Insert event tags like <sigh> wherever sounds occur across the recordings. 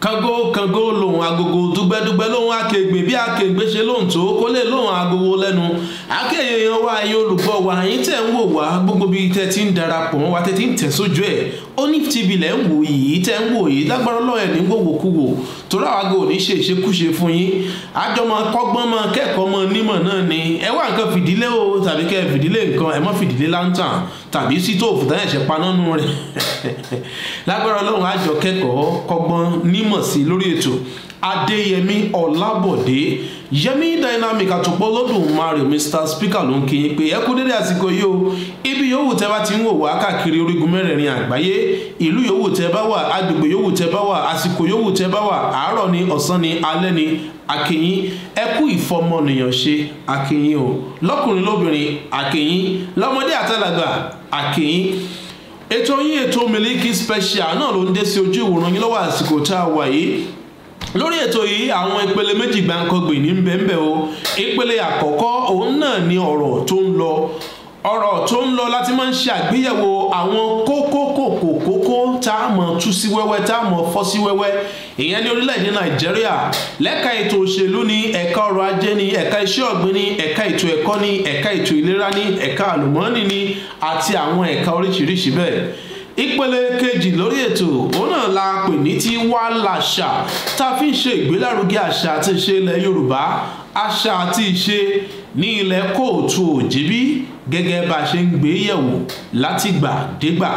kango kango lòun agogo dúgbẹ́dúgbẹ́ lòun akègbè bí akègbè ṣe lòun tó kó lè lòun agogo lẹ́nu akéèyàn wa ẹ̀yin olùgbọ́ wa ẹ̀yin tẹ̀ ń wò wá gbogbo bíi tẹ̀ ti ń darapọ̀ mọ́ wa tẹ̀ ti ń tẹ̀ sójú ẹ̀ onif tv lẹ̀ ń wò yìí tẹ́ ń wò yìí lágbára ọlọ́ọ̀ẹ́ ní wòwòkuwò torí àwọn àgọ́ òní ṣe ìṣekúṣe fún yín àjọ máa kọ́gbọ́n máa kẹ́kọ̀ọ́ máa nímọ̀ náà ni ẹ wá nǹkan fìdílé o tàbí kẹ́ ẹ fìdílé nǹkan ẹ mọ́ fìdílé láǹtàn tàbí sítòfù tán ẹ̀ṣẹ̀ paná nù rẹ̀ <laughs> lágbára ọlọ́run àjọ kẹ́kọ̀ọ́ kọ́gbọ́n nímọ̀ sí lórí ètò Adeyemi ọ̀làbọ̀dé yẹmí dynamic àtúpọ̀ lọ́dún mario mr speaker ló ń kí yín pé ẹ kú dédé àsìkò yìí o ibi yòówù tẹ bá ti ń wò wá káàkiri orígun mẹ́rẹ̀ẹ̀rin àgbáyé ìlú yòówù tẹ bá wà agbègbè yòówù tẹ bá wà àsìkò yòówù tẹ bá wà àárọ̀ ni ọ̀sán ni alẹ́ ni akínyín ẹ ìfọmọnìyàn ṣe akínyín o lọ́kùnrin lóbìnrin akínyín lọ́mọdé àtàlàgbà akínyín ètò yín ètò miliki special náà ló ń dé sí ojú ìwòran yín lọ́wọ́ àsìkò tá a wà yìí lórí ètò yìí àwọn ìpele méjì gbàǹkangbè ní bẹ́ẹ̀nbẹ́ o ìpele àkọ́kọ́ òun náà ni ọ̀rọ̀ tó ń lọ ọ̀rọ̀ tó ń lọ láti máa ń ṣe àgbéyẹ̀wò àwọn kókó kòkó kókó tá a mọ̀ tú sí wẹ́wẹ́ tá a mọ̀ fọ́ sí wẹ́wẹ́ ìyẹn ní orílẹ̀-èdè nàìjíríà lẹ́ka ètò òṣèlú ní ẹ̀ka ọrọ̀ ajé ní ẹ̀ka iṣẹ́ ọ̀gbìn ní ẹ̀ka ètò ẹ̀kọ́ ní ẹ̀ka ètò ìlera ní ẹ̀ka àlùmọ́ọ́nì ní àti àwọn ẹ̀ka oríṣiríṣi bẹ́ẹ̀ ìpele kejì lórí ètò òun náà la pè ní tí wá làṣà tá a fi ń ṣe ìgbélárugẹ àṣà àti ìṣe ilẹ̀ yorùbá àṣà àti ìṣe ní ilẹ̀ kóòtù òjìbí gẹ́gẹ́ bá a ṣe ń gbé yẹ̀wò látìgbà dégbà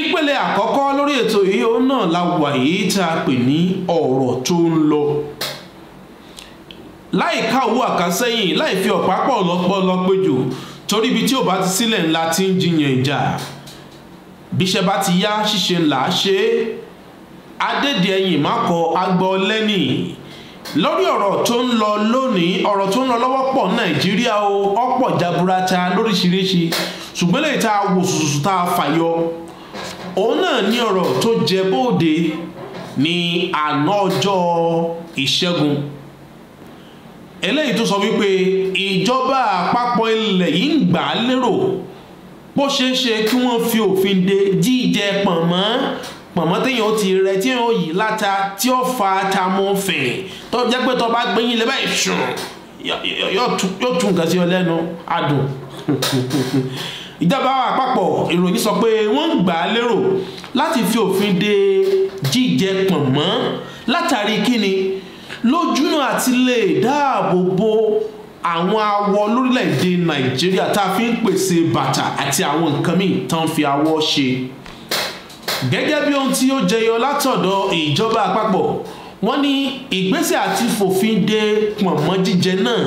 ìpele àkọ́kọ́ lórí ètò yìí òun náà la wà yìí tá a pè ní ọ̀rọ̀ tó ń lọ láì káwó àkásẹ́yìn láì fi ọ̀pá pọ̀ lọ́pọ̀ lọ́pẹ́jù torí ibi tí ò bá ti sílẹ̀ ńlá ti ń jiyàn ìjà bíṣẹ́ bá ti yá ṣíṣe là á ṣe é adéde ẹ̀yìn má kọ agbọ́ lẹ́nì lórí ọ̀rọ̀ tó ń lọ lónìí ọ̀rọ̀ tó ń lọ lọ́wọ́ pọ̀ nàìjíríà o ọ̀pọ̀ jaburata lóríṣiríṣi ṣùgbọ́n lè ta wò sùsù tá a fàyọ òun náà ní ọ̀rọ̀ tó jẹ bóde ní àná ọjọ́ ìṣẹ́gun eléyìí tó sọ wípé ìjọba àpapọ̀ ilẹ̀ yìí ń gbà á lérò bó ṣe ń ṣe kí wọ́n fi òfin de jíjẹ pọ̀nmọ́ pọ̀nmọ́ téèyàn ó ti rẹ tí yóò yí láta tí ó fa tamọ́fẹ̀ tó jẹ́ pé tó bá gbẹ́yìn lẹ́bàá ìṣùn yóò tún nǹkan sí ọ lẹ́nu adùn <laughs> ìjọba àpapọ̀ ìròyìn sọ pé wọ́n ń gbà á lérò láti fi òfin de jíjẹ pọ̀nmọ́ látàrí kíni lójúnà àti lè dáàbò bo àwọn awọ lórílẹ̀‐èdè nàìjíríà tá a fi ń pèsè bàtà àti àwọn nǹkan míì tán fi awọ ṣe gẹ́gẹ́ bí ohun tí ó jẹyọ látọ̀dọ̀ ìjọba àpapọ̀ wọ́n ní ìgbésẹ̀ àti fòfin de pọ̀nmọ́ jíjẹ náà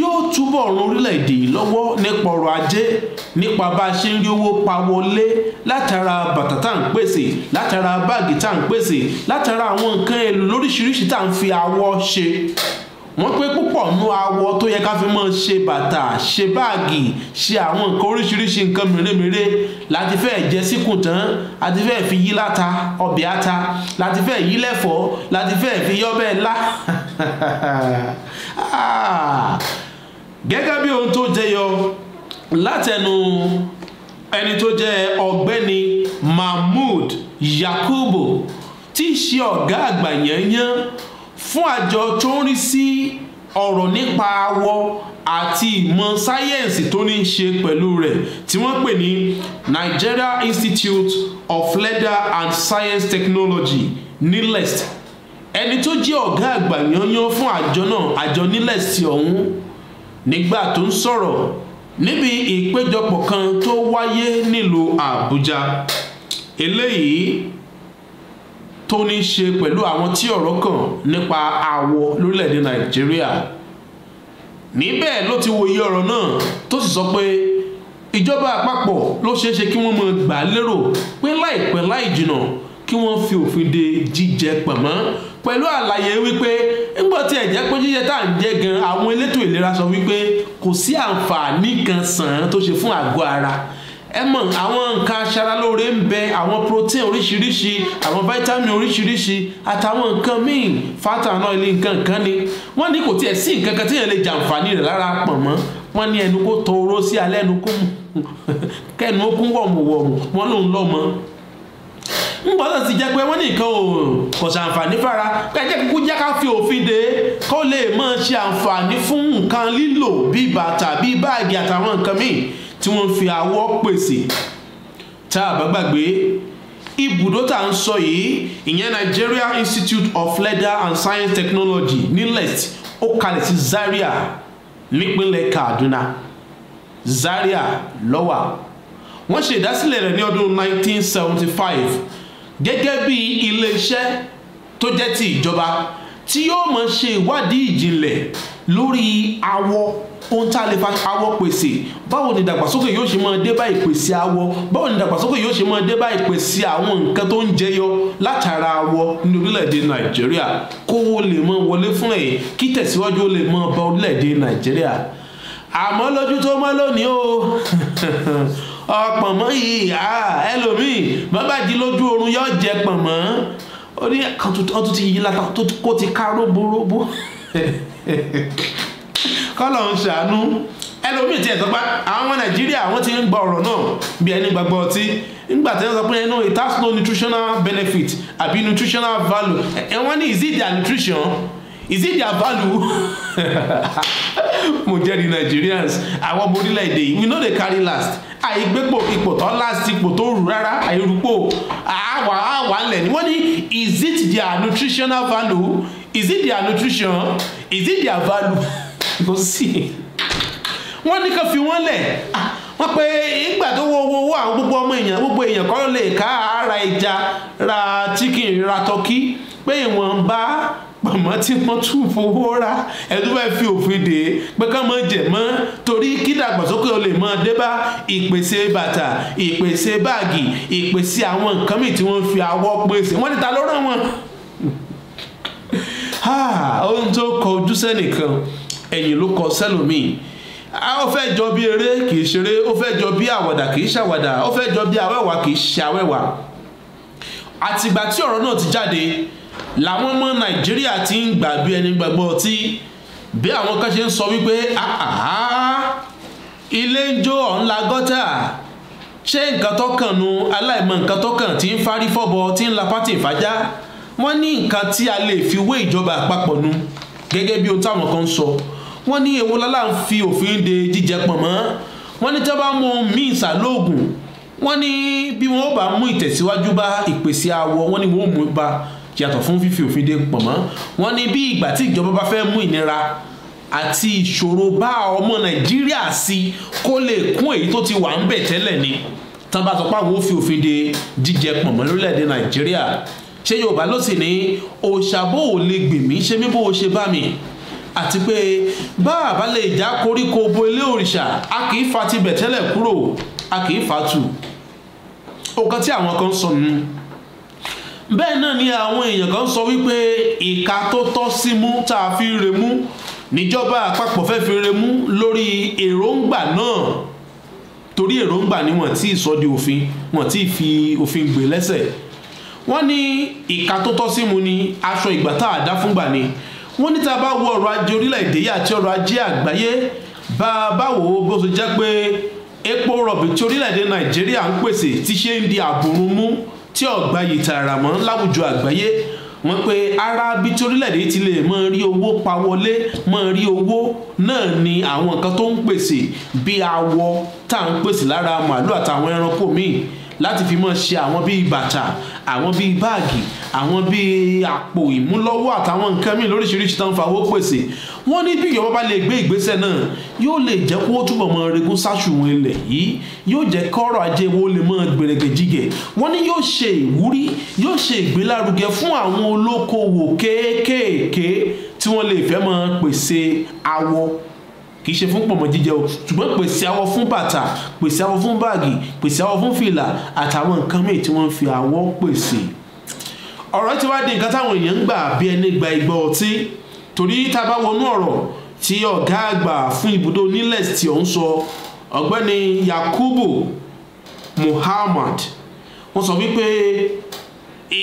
yóò túbọ̀ ran orílẹ̀-èdè lọ́wọ́ nípa ọrọ̀ ajé nípa bá a ṣe ń rí owó pa wọlé látara bàtà tá à ń pèsè látara báàgì tá à ń pèsè látara àwọn nǹkan èlò lóríṣiríṣi tá à ń fi awọ ṣe wọ́n pé púpọ̀ nú awọ tó yẹ ká fi mọ́ ṣe bàtà ṣe báàgì ṣe àwọn nǹkan oríṣiríṣi nǹkan mèremère láti fẹ́ jẹ síkùn tán láti fẹ́ fi yí láta ọbẹ̀ ata láti fẹ́ yí lẹ́fọ́ láti fẹ́ fi yọ́bẹ̀ ńlá. <laughs> Ah! gẹ́gẹ́ bí ohun tó jẹyọ látẹnu ẹni tó jẹ ọ̀gbẹ́ni mahmood yakubu tí í ṣe ọ̀gá àgbà yẹn yẹn fún àjọ tó ń rí sí ọ̀rọ̀ nípa awọ àti ìmọ̀ sáyẹ́ǹsì tó ní í ṣe pẹ̀lú rẹ̀ tí wọ́n pè ní nigeria institute of leather and science technology nilest ẹni tó jẹ́ ọ̀gá àgbà yanyan fún àjọ náà àjọ nilest ọ̀hún nígbà tó ń sọ̀rọ̀ níbi ìpéjọpọ̀ kan tó wáyé nílùú àbújá eléyìí tó ní ṣe pẹ̀lú àwọn tí ọ̀rọ̀ kàn nípa àwọ̀ lórílẹ̀‐èdè nàìjíríà níbẹ̀ ló ti wo iye ọ̀rọ̀ náà tó sì sọ pé ìjọba àpapọ̀ ló ṣeé ṣe kí wọ́n mọ gbà lérò pé láìpẹ́ láì jìnà kí wọ́n fi òfin de jíjẹ pọ̀mọ́ pẹ̀lú àlàyé wípé ńgbọ́ tí ẹ̀jẹ̀ pé jíjẹ tá à ń jẹ́ gan àwọn elétò ìlera sọ wípé kò sí àǹfààní kan sàn án tó ṣe fún àgọ́ ara ẹ mọ̀ àwọn nǹkan aṣaralóore ń bẹ àwọn protein oríṣiríṣi àwọn vitamin oríṣiríṣi àtàwọn nǹkan míì fata náà ilé nǹkan kan ni wọ́n ní kò tiẹ̀ sí nǹkan kan tí èèyàn lè jàǹfààní rẹ̀ lára pọ̀ mọ́ wọ́n ní ẹnu kó tọ oró sí alẹ́ ẹnu kó <laughs> kẹ́nu ó kún wọ̀mùwọ̀mù wọ́n lòún lọ́mọ ngbọ́n náà ti jẹ́ pé wọ́n ní nǹkan ò kò ṣàǹfààní fara kẹjẹ́ kúkú jẹ́ ká fi òfin de kó lè máa ṣe àǹfààní fún nǹkan lílò bíi bàtà bíi báàgì àtàwọn nǹkan míì tí wọ́n fi awọ́ pèsè tá a bá gbàgbé ibùdó tá à ń sọ yìí ìyẹn nigeria institute of leather and science technology nilet ó kalẹ̀ sí zaria nípínlẹ̀ kaduna zaria lọ́wà wọ́n ṣe ìdásílẹ̀ rẹ̀ ní ọdún 1975 gẹ́gẹ́ bí iléeṣẹ́ tó jẹ́ ti ìjọba tí yóò mọ̀ ṣe ìwádìí ìjìnlẹ̀ lórí awọ ohun tá a lè fa awọ pèsè báwo ni ìdàgbàsókè yóò ṣe máa dé bá ìpèsè awọ báwo ni ìdàgbàsókè yóò ṣe máa dé bá ìpèsè àwọn nǹkan tó ń jẹyọ látara awọ ní orílẹ̀-èdè nàìjíríà kówó lè mọ wọlé fún ẹ̀ kí tẹ̀síwájú lè mọ bá orílẹ̀-èdè nàìjíríà àmọ́ lójú tó mọ́ lónìí o <laughs> ọ̀pọ̀mọ́ yìí ẹlòmíì bàbá jí lójú oorun yóò jẹ pọ̀mọ́ ó ní ọtún ti yí lata tó kó ti ká róbóróbó <laughs> kọ́lọ̀ ń ṣàánú ẹlòmíì tí ẹ̀ tọ́pá àwọn ọmọ nàìjíríà wọ́n ti ń gba ọ̀rọ̀ náà bí ẹni gbàgbọ́ ọtí nígbà tí wọ́n sọ pé ẹnu it has no nutritional benefit àbí nutritional value ẹ wọ́n ní is it their nutrition is it their value <laughs> mo jẹ́ di nigerians àwọn ọmọ orílẹ̀-èdè yìí we no dey carry last àìgbépò ipò tó last ipò tó rù rárá àìrúpò àwà àwà ńlẹ̀ ni wọ́n ní is it their nutritional value is it their nutrition is it their value. <laughs> kò <laughs> sí wọ́n ní ká fi wọ́n lẹ̀ ah, wọ́n pe ìgbà tó wo owó owó àwọn gbogbo ọmọ èèyàn gbogbo èèyàn kọ́ ló lè ká ara ìjà ra chicken ra turkey pé ìwọ̀n bá pàmò tí wọ́n tún fowó ra ẹ̀dùn fi òfin dè é pé ká mọ̀ jẹ̀ mọ́ torí kí dàgbàsókè o lè mọ débá ìpèsè bàtà ìpèsè báàgì ìpèsè àwọn nǹkan mìíràn tí wọ́n fi awọ́ pèsè wọ́n ti ta ló rán wọn. <laughs> Ah, ohun tó kọ ojú sẹ́nìkan ẹ̀yìn ló kọ sẹ́lòmíì ó fẹ́ jọ bí eré kì í ṣeré ó fẹ́ jọ bí àwàdà kì í ṣàwàdà ó fẹ́ jọ bí awẹ́wà kì í ṣàwẹ́wà àtìgbà tí ọ̀rọ̀ náà ti jáde làwọn ọmọ nàìjíríà ti ń gbà bí ẹni gbàgbọ́ ọtí bí àwọn kan ṣe ń sọ wípé ilé ń jó ọ̀nla gọ́tà ṣé nǹkan tó kàn nu aláìmọ nǹkan tó kàn ń fárí fọ́bọ tí ń lapá tí ń wọ́n ní nǹkan tí a lè fi wé ìjọba àpapọ̀ nu gẹ́gẹ́ bí ohun táwọn kan ń sọ. So wọ́n ní ewu lọ́la ń fi òfin de jíjẹ pọ̀ mọ́ wọ́n ní tí wọ́n bá mú míì sàlóògùn wọ́n ní bí wọ́n bá mú ìtẹ̀síwájú bá ìpèsè àwọ̀ wọ́n ní wọ́n mú ba yàtọ̀ fún fífi òfin de pọ̀ mọ́ wọ́n ní bí ìgbà tí ìjọba bá fẹ́ mú ìnira àti ìṣòro bá ọmọ nàìjíríà sí kó lè kún èyí tó ti wà ń bẹ̀ tẹ́lẹ̀ ni tán bá sọ pé àwọn òfin òfin de jíjẹ pọ̀ mọ́ lórílẹ̀‐èdè nàìjíríà ṣé yorùbá ló sì ní òṣàbò ò lè gbèmí ṣé mi bó o ṣe bá mi àti pé bá a bá lè já koríko bo ilé òrìṣà a kì í fa ti bẹ̀tẹ́lẹ̀ kúrò a kì í fa tù nǹkan tí àwọn kan sọ nù bẹ́ẹ̀ náà ni àwọn èèyàn kan sọ wípé ìka tó tọ́ sí mú tá a fi remú níjọba àpapọ̀ fẹ́ fi remú lórí èròǹgbà náà torí èròǹgbà ni wọ́n ti sọ di òfin wọ́n ti fi òfin gbé lẹ́sẹ̀ wọ́n ní ìka tó tọ́ sí mu ni aṣọ ìgbà tá a dá fúngbà ni wọ́n níta bá wo ọ̀rọ̀ ajé orílẹ̀-èdè yìí àti ọ̀rọ̀ ajé àgbáyé bá a bá wò ó bó ṣe jẹ́ pé epo rọ̀bì tí orílẹ̀-èdè nàìjíríà ń pèsè ti ṣe ń di àbòrún mú tí ọ̀gbá yìí tààrà mọ́ láwùjọ àgbáyé wọ́n pe ara bí tí orílẹ̀-èdè ti lè mọ rí owó pa wọlé mọ rí owó náà ni àwọn nǹkan tó ń pèsè bí awọ tá à ń pèsè lára màálù àtàwọn ẹranko míì láti fi mọ́ ṣe àwọn bíi bàtà àwọn bíi báàgì àwọn bíi àpò ìmúlọ́wọ́ àtàwọn nǹkan míì lóríṣiríṣi tó ń fa owó pèsè wọ́n ní bí ìjọba bá lè gbé ìgbésẹ̀ náà yóò lè jẹ́ kó o túbọ̀ mọ regún sáṣùwọ̀n ilẹ̀ yìí yóò jẹ́ kọ́rọ̀ ajé wo lè mọ gbèrègẹ̀ jígẹ̀ wọ́n ní yóò ṣe ìwúrí yóò ṣe ìgbélárugẹ fún àwọn olókoòwò kéékèèké tí wọ́n lè fẹ́ mọ pèsè awọ kì í ṣe fún pọ̀mọ́ jíjẹ o ṣùgbọ́n pèsè awọ fún bàtà pèsè awọ fún báàgì pèsè awọ fún fìlà àtàwọn nǹkan míì tí wọ́n ń fi awọ pèsè. ọ̀rọ̀ ti wá di nǹkan táwọn èèyàn ń gbà bí ẹni gba ìgbọ́ ọtí torí tá a bá wọnú ọ̀rọ̀ tí ọ̀gá àgbà fún ibùdó nílẹ̀ tí ò ń sọ ọ̀gbẹ́ni yakubu muhammad wọ́n sọ wípé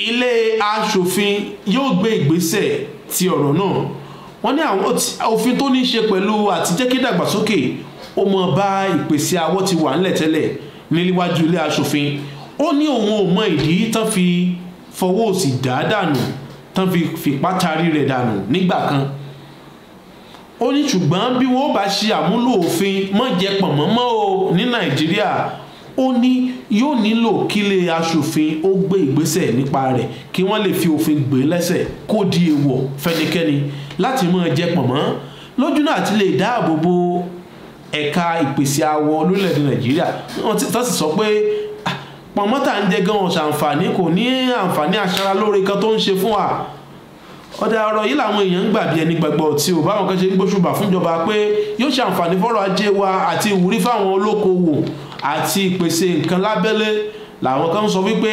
ilé asòfin yóò gbé ìgbésẹ̀ ti ọ̀rọ̀ náà wọ́n ní àwọn òfin tó ní í ṣe pẹ̀lú àtijẹ́ kí dàgbàsókè ó mọ bá ìpèsè àwọn ti wà ńlẹ̀ tẹ́lẹ̀ níwájú ilé asòfin ó ní òun ò mọ ìdí tán fi fọwọ́ òsì dá dànù tán fi fipá tarí rẹ̀ dànù nígbà kan ó ní ṣùgbọ́n bí wọ́n bá ṣe àmúlò òfin mọ̀jẹ̀ pọ̀nmọ́mọ́ o ní nàìjíríà ó ní yóò nílò kílé asòfin ó gbé ìgbésẹ̀ nípa rẹ̀ kí wọ́n lè fi òfin gbé lẹ́sẹ̀ kó di èèwọ̀ fẹ́nikẹ́ni láti máa jẹ pọ̀nmọ́ lójú náà ti lè dáàbò bo ẹ̀ka ìpèsè awọ lórílẹ̀‐èdè nàìjíríà wọ́n ti tọ́sí sọ pé pọ̀nmọ́ tà ń jẹ gan ọ̀sà àǹfààní kò ní àǹfààní aṣara lóore kan tó ń ṣe fún wa ọ̀dà ọ̀rọ̀ yìí làwọn èèyàn ń gbà bí ẹni gbàgbọ́ tí ò báwọn kan ṣe ń gbóṣùbà fúnjọba pé yóò ṣe àǹfààní fọ́rọ̀ ajé wa àti ìwúrí fáwọn olókoòwò àti ìpèsè nǹkan lábẹ́lé làwọn kan sọ wípé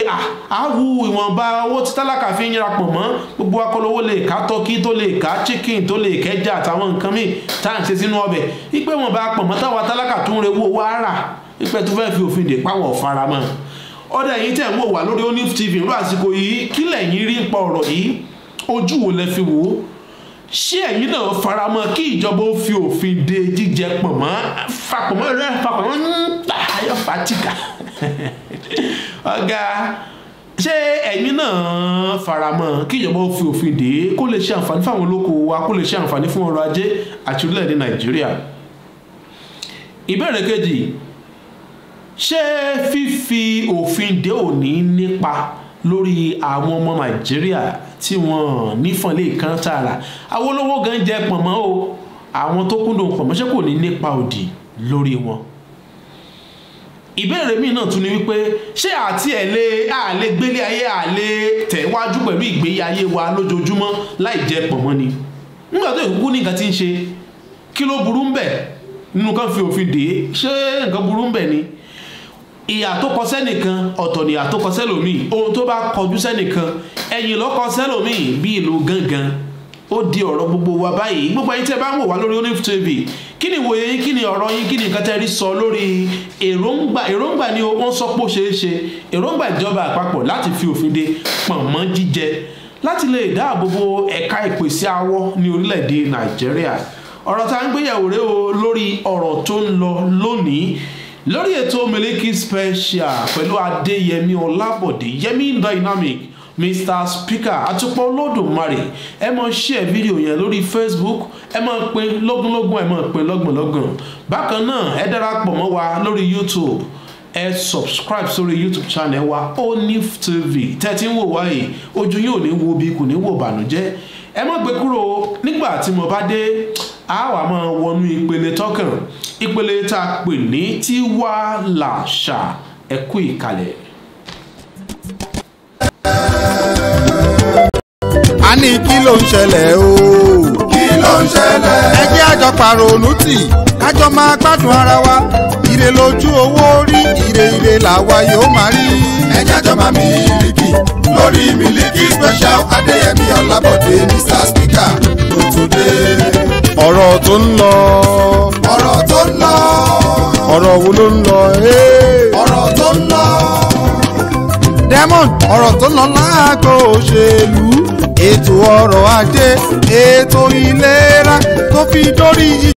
àáwù ìwọ̀nba owó tí tálákà fi ń yíra pọ̀ mọ́ gbogbo akọlówó lè ká tọ́kí tó lè ká chicken tó lè kẹjà àtàwọn nǹkan míì tá à ń ṣe sínú ọbẹ̀ wípé wọn bá pọ̀ mọ́ táwa tálákà tó ń rewó owó ara wípé tó fẹ́ fi òfin dè páwọ̀ fara mọ́ ọ̀dà yìí tẹ̀ ń wò wá lórí onif tv ló àsìkò yìí kílẹ̀ yín rí ń pa ọ̀rọ̀ yìí ojú wo lẹ fi wò ó ṣé ẹ̀yin náà faramọ́ kí ìjọba ó fi òfin de jíjẹ pọ̀ mọ́ fapọ̀ mọ́ rẹ́ fapọ̀ mọ́ ń hmm, t yóò fà á tìkà ọ̀gá ṣé ẹ̀yin náà faramọ́ kí ìjọba ó fi òfin dè é kó lè ṣe àǹfààní fáwọn olóko wa kó lè ṣe àǹfààní fún ọrọ̀ ajé àti orílẹ̀-èdè nàìjíríà ìbéèrè kejì ṣé fífi òfin dè òní nípa lórí àwọn ọmọ nàìjíríà tí wọn nífọn lè kán tààrà àwọn olówó gan jẹ pọ̀nmọ́ o àwọn tó kúndùn pọ̀nmọ́ ṣé kò ní nípa òdì lórí wọn ìbéèrè míì náà tún ni wípé ṣé àti ẹ̀lẹ́ àlẹ́ gbélé ayé àlẹ́ tẹ̀wájú pẹ̀lú ìgbéyé ayé wa lójoojúmọ́ láì jẹ́ pọ̀mọ́ ni nígbà tó ìkúkú ní nǹkan ti ń ṣe kí ló burú ń bẹ̀ nínú kan fi òfin dè é ṣé nǹkan burú ń bẹ̀ ni ìyà tó kọ sẹ́nìkan ọ̀tọ̀ ni ìyà tó kọ sẹ́lòmíì ohun tó bá kọjú sẹ́nìkan ẹ̀yìn ló kọ sẹ́lòmíì bí ìlú gangan ó di ọ̀rọ̀ gbogbo wa báyìí gbogbo ẹni tẹ́ bá ń wò wá lórí onífù tv kí ni ìwòye yín kí ni ọ̀rọ̀ yín kí ni nǹkan tẹ́ rí sọ lórí èròǹgbà èròǹgbà ni wọ́n sọ pé ó ṣeé ṣe èròǹgbà ìjọba àpapọ̀ láti fi òfin de pọ̀nmọ́ jíjẹ láti lè dáàbò bo ẹ̀ka ìpèsè awọ́ ní orílẹ̀-èdè nàìjíríà ọ̀rọ̀ tá à ń gbéyàwó rẹ o lórí ọ̀rọ̀ tó ń lọ lónìí lórí ètò miliki special pẹ̀lú adéyẹmí ọlábọ̀dé yẹmí dynamic mr speaker àtúpọ̀ olódùmarè ẹ mọ ṣíẹ fídíò yẹn lórí facebook ẹ mọ pé lógúnlógún ẹ mọ pé lọ́gbọ̀nlọ́gbọ̀n bákan náà ẹ darapọ̀ mọ́ wa lórí youtube ẹ subscribe sórí youtube channel wa onif tv tẹ́tí ń wò wá yìí ojú yóò ní wo bí kò ní wò bànújẹ́ ẹ mọ̀ gbé kúrò nígbà tí mo bá dé a wà máa wọnú ìpele tọkàn ìpele tá a pè ní tiwa làṣà ẹ kú ìkàlẹ̀. a ní kí ló ń ṣẹlẹ̀ o. kí ló ń ṣẹlẹ̀. ẹ jẹ́ àjọ pàrònú tì kájọ máa gbádùn ara wa ire lójú owó rí ire ire làwa yóò máa rí. ẹ jẹ́ àjọ máa Miliki lórí Miliki special Adéyẹmí Ọlábọ̀dé Mr Speaker ló tún dé. ọ̀rọ̀ tó ń lọ. ọ̀rọ̀ tó ń lọ. ọ̀rọ̀ wo ló ń lọ. Eh? ọ̀rọ̀ tó ń lọ. Diamond ọ̀rọ̀ tó ń lọ láàgọ́ òṣèlú ètò ọrọ̀ ajé ètò ìlera tó fi dórí.